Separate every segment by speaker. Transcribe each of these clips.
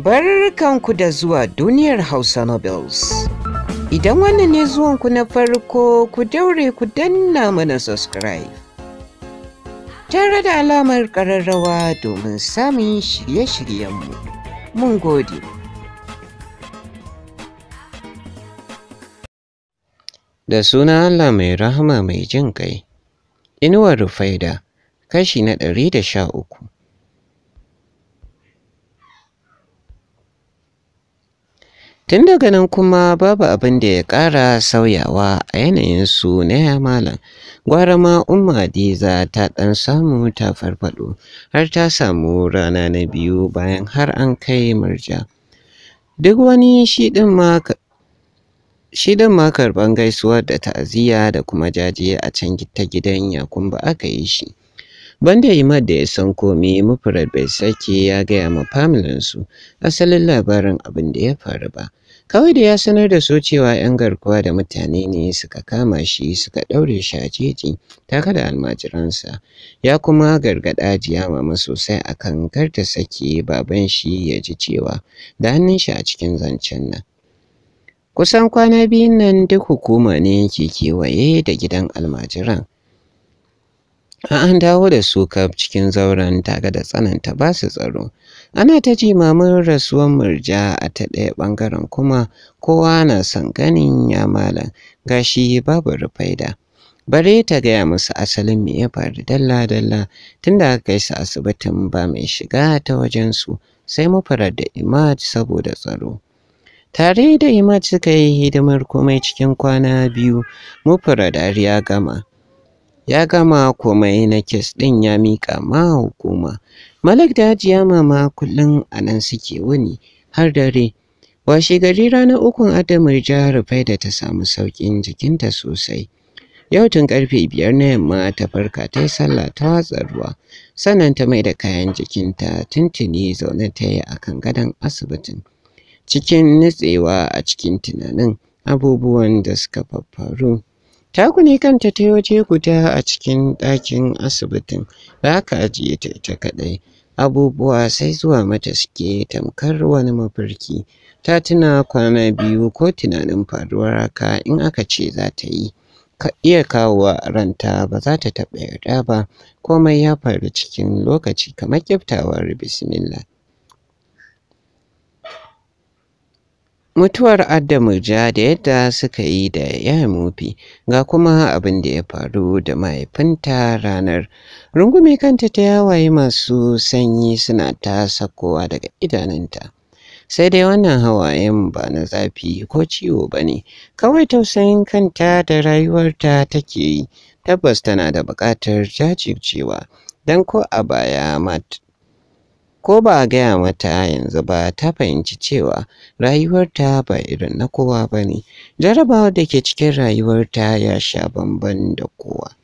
Speaker 1: Barkanku da zuwa duniyar Hausa Nobles. Idan wannan ne zuwanku na farko ku daure ku danna mana subscribe. Tare da alamar ƙararrawa domin samun shirye-shiryenmu. Mun gode. Da suna Allah mai rahama mai jin kai, inuwar Rufaida, kashi na ɗari da sha uku. Tun daga nan kuma babu abin da ya ƙara sauyawa a yanayinsu na ya malam. Gwara ma Umma Hadiza ta ɗan samu ta farfaɗo har ta samu rana na biyu bayan har an kai murja. Duk wani shi ɗin ma din ma karban gaisuwar da ta'aziyya da kuma jaje a can ta gidan Yakumba aka yi shi Banda Imad da ya san komi mufarar bai sake ya gaya ma familinsu asalin labarin abin da ya faru ba. Kawai da ya sanar da su cewa 'yan garkuwa da mutane ne suka kama shi suka ɗaure shi a jeji da almajiransa. Ya kuma gargaɗa jiya mama sosai akan kar ta sake baban shi ya ji cewa da hannun shi a cikin zancen nan. Kusan kwana biyun nan duk hukuma ne ke kewaye da gidan almajiran. A an dawo da su kaf cikin zauren taga da tsananta ba su tsaro ana ta jimamin rasuwar murja a ta ɗaya ɓangaren kuma kowa na son ganin ya malam gashi babu rufaida bare ta gaya musu asalin me ya faru dalla dalla tunda aka kai su asibitin ba mai shiga ta wajensu sai mufarar da imaj saboda tsaro tare da imaj suka yi hidimar komai cikin kwana biyu fara dariya gama ya gama komai na kes ɗin ya mika ma hukuma. Malak da Hajiya mama kullum a nan suke wuni har dare. Washe gari ranar ukun Adamar ja rufai da ta samu sauƙin jikinta sosai. Yau tun karfe biyar na yamma ta farka ta yi sallah ta watsa ruwa, sannan ta mai da kayan jikinta tuntuni zaune ta yi a kan gadon asibitin. Cikin nutsewa a cikin tunanin abubuwan da suka faru. Ta Takuni kanta ta waje guda a cikin ɗakin asibitin ba ka ajiye ta ita kaɗai. Abubuwa sai zuwa mata suke tamkar wani mafarki. Ta tuna kwana biyu ko tunanin faruwar haka in aka ce za ta yi. Ka iya kawowa ranta ba za ta taɓa yarda ba komai ya faru cikin lokaci kamar kyaftawar bismillah. mutuwar Adamu ja da yadda suka yi da ya mufi ga kuma abin da ya faru da mahaifinta ranar rungume kanta ta yawaye masu sanyi suna ta sakowa daga idanunta sai dai wannan hawayen ba na zafi ko ciwo ba ne kawai tausayin kanta da rayuwarta take yi tabbas tana da buƙatar jajircewa don ko a baya ko ba a gaya mata yanzu ba ta fahimci cewa rayuwarta ba irin na kowa ba ne jarabawar da ke cikin rayuwarta ya sha bamban da kowa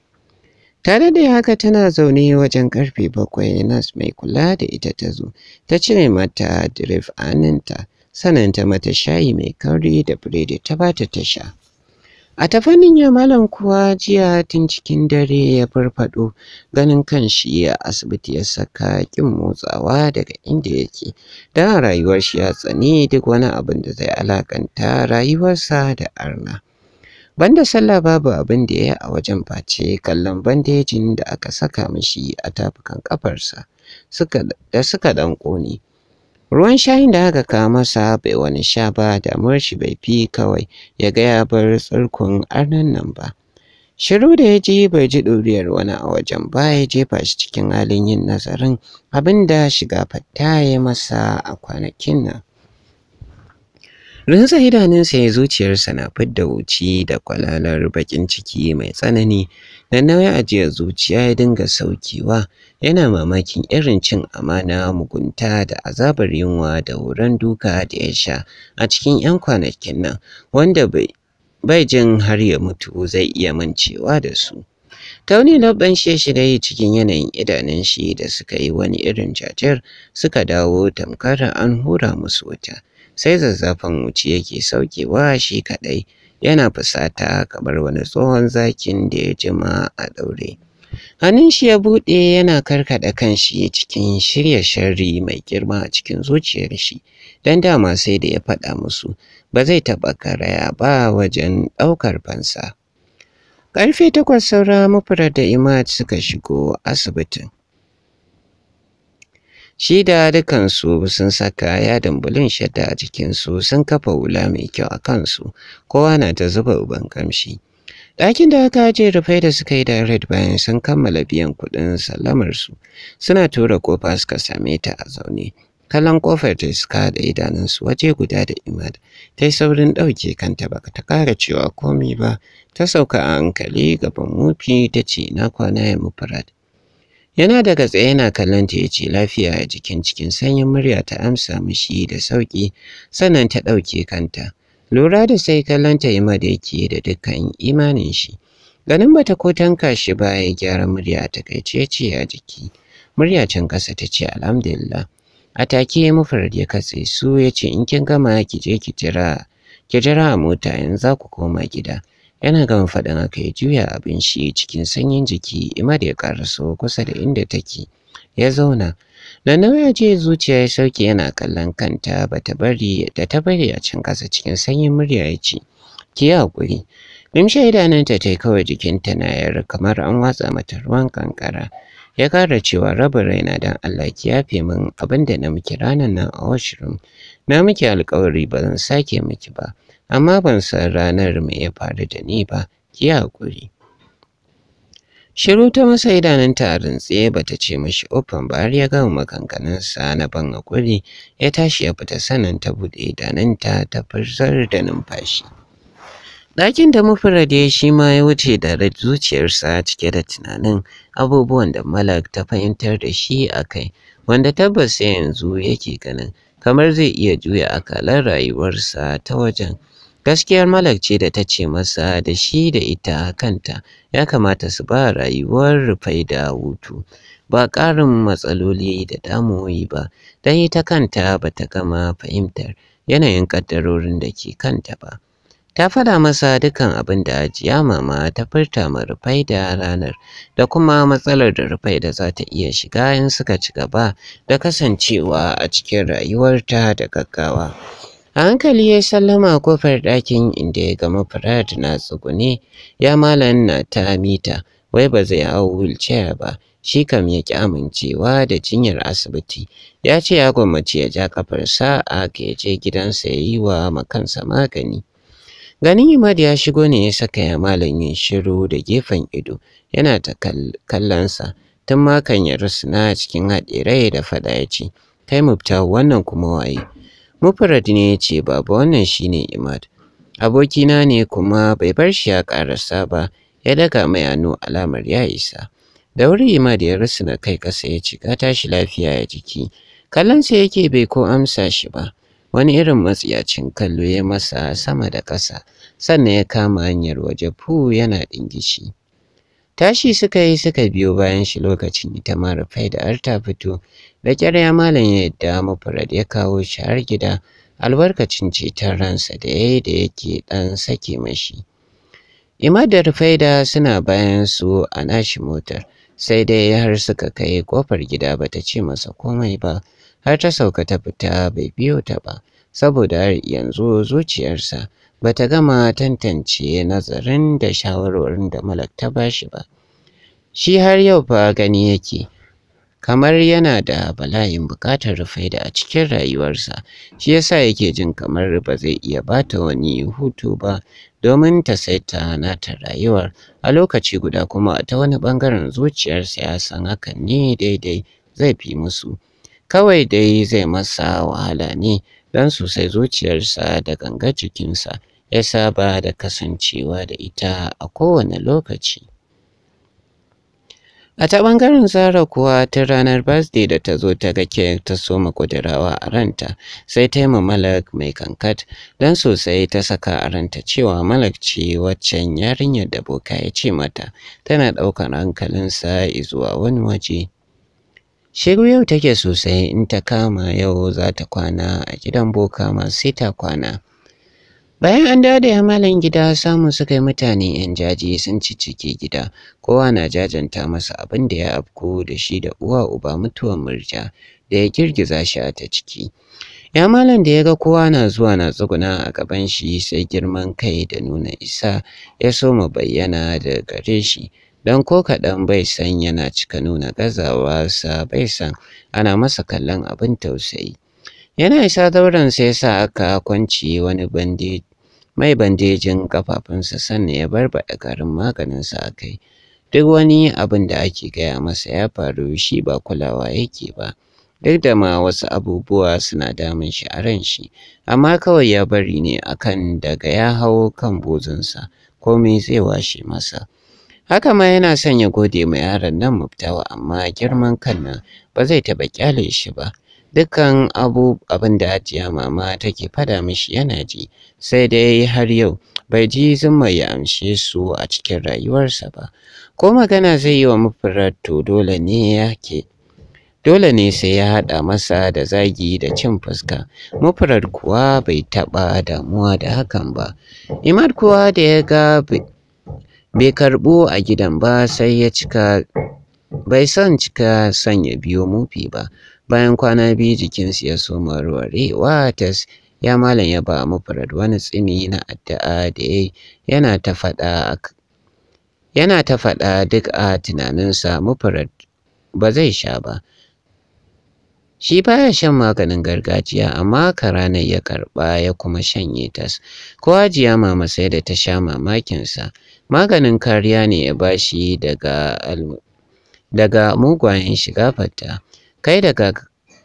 Speaker 1: tare da haka tana zaune wajen karfe bakwai nas mai kula da ita ta zo ta cire mata drif aninta sananta ta mata shayi mai kauri da biredi ta bata ta sha A ta fannin ya kuwa jiya tun cikin dare ya farfaɗo ganin kan shi a asibiti ya saka ƙin motsawa daga inda yake. Da rayuwar shi ya tsani duk wani abin da zai alakanta rayuwarsa da arna. Banda sallah babu abin da ya a wajen face kallon bandejin da aka saka mishi a tafukan kafarsa da suka dan ƙone Ruwan shayin da aka kawo masa bai wani sha ba damar shi bai fi kawai ya gaya bar tsirkun arnan nan ba. Shiru da ya ji bai ji ɗuriyar wani a wajen ba ya jefa shi cikin halin yin nazarin abin da shiga fatta ya masa a kwanakin nan. rinsa idanunsa ya zuciyarsa na fidda wuci da kwalalar baƙin ciki mai tsanani da nauyin ajiyar zuciya ya dinga saukewa yana mamakin irin cin amana mugunta da azabar yunwa da wurin duka da ya sha a cikin 'yan kwanakin nan wanda bai jin har ya mutu zai iya mancewa da su. Tauni labban shi ya shiga cikin yanayin idanun shi da suka yi wani irin jajir suka dawo tamkar an hura musu wuta. sai zazzafan wuci yake saukewa shi kaɗai yana fusata kamar wani tsohon zakin da ya jima a ɗaure. Hannun shi ya buɗe yana karkaɗa shi cikin shirya sharri mai girma a cikin zuciyar shi, don dama sai da ya faɗa musu ba zai taɓa karaya ba wajen ɗaukar fansa. Ƙarfe takwas saura mafarar da Imad suka shigo asibitin. Shi da dukansu sun saka yadin bulin shadda a jikinsu sun kafa wula mai kyau a kansu, kowa na ta zuba uban kamshi. Ɗakin da aka je rufai da suka yi da red bayan sun kammala biyan kuɗin sallamarsu suna tura kofa suka same ta a zaune. Kallon kofar ta suka da idanunsu waje guda da Imad ta yi saurin ɗauke kanta baka ta ƙara cewa komi ba ta sauka a hankali gaban mufi ta ce na kwana ya mufarad Yana daga tsaye yana kallon ta ya ce lafiya a jikin cikin sanyin murya ta amsa mishi da sauƙi sannan ta ɗauke kanta. Lura da sai kallon ta yi da yake da dukkan imanin shi. Ganin bata ko tanka shi ba ya gyara murya ta kai ce ce a jiki. Murya can ƙasa ta ce alhamdulillah. A take ya mufarar ya katse su yace in kin gama ki je ki jira ki jira a mota yanzu za ku koma gida. yana gama faɗin haka ya juya abin shi cikin sanyin jiki imar ya karaso kusa da inda take ya zauna da ya je zuciya ya sauke yana kallon kanta ta bari da ta bari a can kasa cikin sanyin murya ya ce ki yi haƙuri limshe idanunta ta kawai jikinta na yar kamar an watsa mata ruwan kankara ya kara cewa raba raina don Allah ki yafe min abin da na miki ranar nan a washroom na miki alƙawari ba zan sake miki ba amma ban san ranar me ya faru da ni ba ki hakuri Shiru ta masa idanun tarin tsaye ba ta ce mashi ofan ba har ya gama sa na ban hakuri ya tashi ya fita sanin ta buɗe idanunta ta fursar da numfashi. Ɗakin da mufurade shi ma ya wuce da zuciyarsa cike da tunanin abubuwan da Malak ta fahimtar da shi a kai wanda tabbas sai yanzu yake ganin kamar zai iya juya akalar rayuwarsa ta wajen Gaskiyar Malak ce da ta ce masa da shi da ita kanta ya kamata su ba rayuwar rufai da hutu. Ba ƙarin matsaloli da damuwoyi ba, don ita kanta ba ta gama fahimtar yanayin ƙaddarorin da ke kanta ba. Ta fada masa dukan abin da ajiya mama ta furta ma rufai da ranar da kuma matsalar da rufai da za ta iya shiga in suka ci gaba da kasancewa a cikin rayuwarta da gaggawa. A hankali ya sallama kofar ɗakin inda ya gama Farhat na tsugune ya malan na ta mita wai ba zai hau wheelchair ba shi kam ya ki amincewa da jinyar asibiti ya ce ya gwammaci ya ja kafarsa a ya je gidansa ya yi wa makansa magani. Ganin Imad ya shigo ne ya saka ya malan yin shiru da gefen ido yana ta kallonsa tun makan ya rusuna cikin haɗe da faɗa ya ce kai mubta wannan kuma waye. Mufarad ne ya ce baba wannan shine Imad. Abokina ne kuma bai bar shi ya karasa ba ya daga mai hannu alamar ya isa. Da wuri Imad ya na kai kasa ya ci tashi lafiya ya jiki. Kallonsa yake bai ko amsa shi ba. Wani irin matsiyacin kallo ya masa sama da ƙasa sannan ya kama hanyar waje fu yana ɗingishi. Tashi suka yi suka biyo bayan shi lokacin ita ma rufai da arta fito. Da ƙyar ya malam ya yadda mafarad ya kawo shi har gida albarkacin ceton ransa da ya yi da yake ɗan sake mashi. Ima da Rufaida suna bayan su a nashi motar, sai dai har suka kai kofar gida ba ta ce masa komai ba, har ta sauka ta fita bai biyo ta ba, saboda har yanzu zuciyarsa ba ta gama tantance nazarin da shawarwarin da Malak ta bashi ba. Shi har yau ba gani yake, kamar yana da bala'in buƙatar da a cikin rayuwarsa, shi yasa yake jin kamar ba zai iya bata wani hutu ba domin ta saita nata rayuwar a lokaci guda kuma ta wani bangaren zuciyarsa ya san hakan ne daidai zai fi musu. Kawai dai zai masa wahala ne don sosai zuciyarsa da ganga jikinsa ya saba da kasancewa da ita a kowane lokaci. A ta ɓangaren Zara kuwa ta ranar birthday da ta zo ta gake kek ta soma ƙudurawa a ranta sai ta yi ma Malak mai kankat don sosai ta saka a ranta cewa Malak ce waccan yarinyar da boka ya ce mata tana ɗaukar hankalinsa zuwa wani waje. Shiru yau take sosai in ta kama yau za ta kwana a gidan boka masu sai ta kwana. Bayan an dawo da yamalan gida samun suka yi mutane 'yan jaji sun ciccike gida, kowa na jajanta masa abin da ya afko da shi da uwa uba mutuwar murja da ya girgiza shi a ta ciki. Yamalan da ya ga kowa na zuwa na tsuguna a gaban shi sai girman kai da nuna isa ya so mu bayyana da gare shi. don ko kaɗan bai san yana cika nuna gazawa sa bai san ana masa kallon abin tausayi. Yana isa dauran sai sa aka kwanci wani bandeji mai bandejin kafafunsa sannan ya barbaɗa garin maganinsa a kai. Duk wani abin da ake gaya masa ya faru shi ba kulawa yake ba. Duk da ma wasu abubuwa suna damun shi a ran shi, amma kawai ya bari ne akan daga ya hau kan bozonsa komai zai washe masa. Haka ma yana son ya gode ma yaron nan mubtawa amma girman kan nan ba zai taɓa ƙyale shi ba. dukkan abu abin da hajiya mama take fada mishi yana ji sai dai har yau bai ji zuma ya amshe su a cikin rayuwarsa ba ko magana zai yi wa mufarar dole ne yake dole ne sai ya haɗa masa da zagi da cin fuska mufarar kuwa bai taɓa damuwa da hakan ba imad kuwa da ya ga bai karɓo a gidan ba sai ya cika bai son cika son ya biyo mufi ba bayan kwana biyu jikinsu ya soma ruwarewa tas ya malam ya ba mufarad wani tsimi na addu'a da ya yana ta faɗa yana ta faɗa duk a tunaninsa mufarad ba zai sha ba shi baya shan maganin gargajiya amma ka ranar ya karɓa ya kuma shanye tas ko ajiya mama sai da ta sha mamakinsa maganin kariya ne ya ba shi daga mugwayen shiga fatta kai daga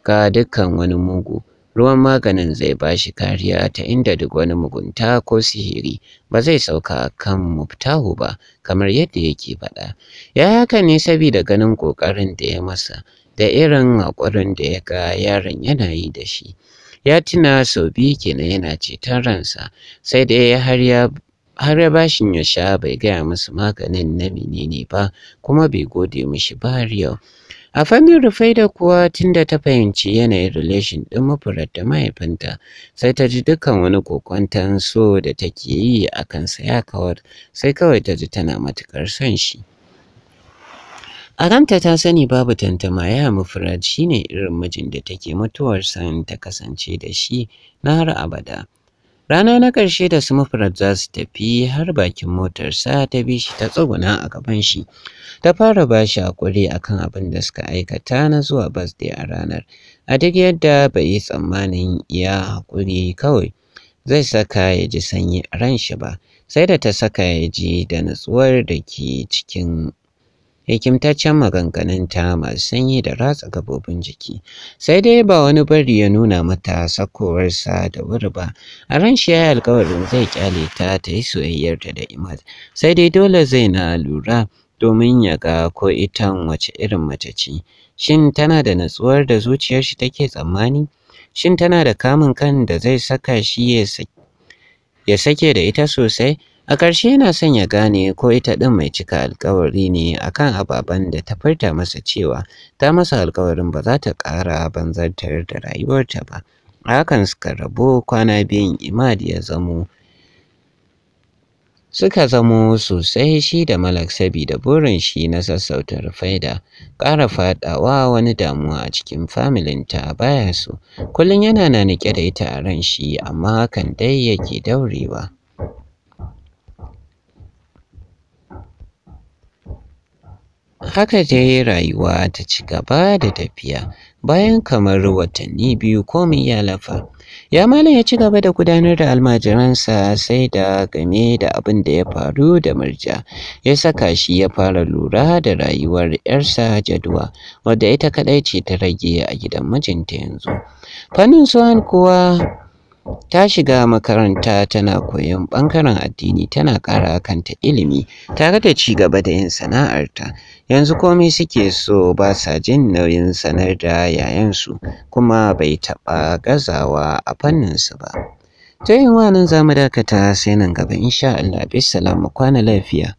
Speaker 1: ga dukkan wani mugu ruwan maganin zai ba shi kariya ta inda duk wani mugunta ko sihiri ba zai sauka kan muftahu ba kamar yadda yake faɗa ya haka ne saboda ganin ƙoƙarin da ya masa da irin haƙurin da ya ga yaron yana yi da shi ya tuna sau biyu kenan yana ceton ransa sai da har ya har ya bashin ya sha bai gaya musu maganin na menene ba kuma bai gode mishi ba yau A rufai Rufaida kuwa tunda ta fahimci yanayin relation ɗin mafurar da mahaifinta sai ta ji dukkan wani kokwantan so da take yi a kansa ya kawar sai kawai ta ji tana matukar son shi. A ranta ta sani babu tantama ya mafurar shi ne irin mijin da take mutuwar son ta kasance da shi na har abada. Rana na ƙarshe da Smurfit za su tafi har bakin motarsa ta bi shi ta tsuguna a gaban shi. Ta fara ba shi haƙuri a kan abin da suka aikata na zuwa birthday a ranar. A duk yadda bai yi tsammanin ya haƙuri kawai zai saka ya ji sanyi a ran shi ba, sai da ta saka ya ji da natsuwar da ke cikin hikimtaccen maganganunta masu sanyi da ratsa gabobin jiki sai dai ba wani bari ya nuna mata sakowarsa da wuri ba a ran shi ya alkawarin zai kyale ta ta yi soyayyarta da imad sai dai dole zai na lura domin ya ga ko itan wace irin mace ce shin tana da natsuwar da zuciyar shi take tsammani shin tana da kamun kan da zai saka shi ya sake da ita sosai A ƙarshe yana son ya gane ko ita ɗin mai cika alkawari ne akan ababen da ta furta masa cewa ta masa alkawarin ba za ta ƙara banzartar da rayuwarta ba. A hakan suka rabu kwana biyun Imad ya zamo suka zamo sosai shi da Malak saboda burin shi na sassautar faida, ƙara faɗawa wani damuwa a cikin familin ta baya su kullum yana na da ita a ran shi amma hakan dai yake daurewa. Haka dai rayuwa ta ci gaba da tafiya bayan kamar watanni biyu komai ya lafa. Ya malam ya ci gaba da gudanar da almajiransa sai da game da abin da ya faru da murja ya saka shi ya fara lura da rayuwar ‘yarsa jaduwa wadda ita kadai ce ta rage a gidan mijinta yanzu. Fannin Suhan kuwa ta shiga makaranta tana koyon ɓangaren addini tana ƙara kanta ilimi tare da ci gaba da yin sana'arta yanzu komai suke so ba sa jin nauyin sanar da yayansu kuma bai taɓa gazawa a fanninsu ba ta yin nan zamu dakata sai nan gaba insha Allah bisalamu kwana lafiya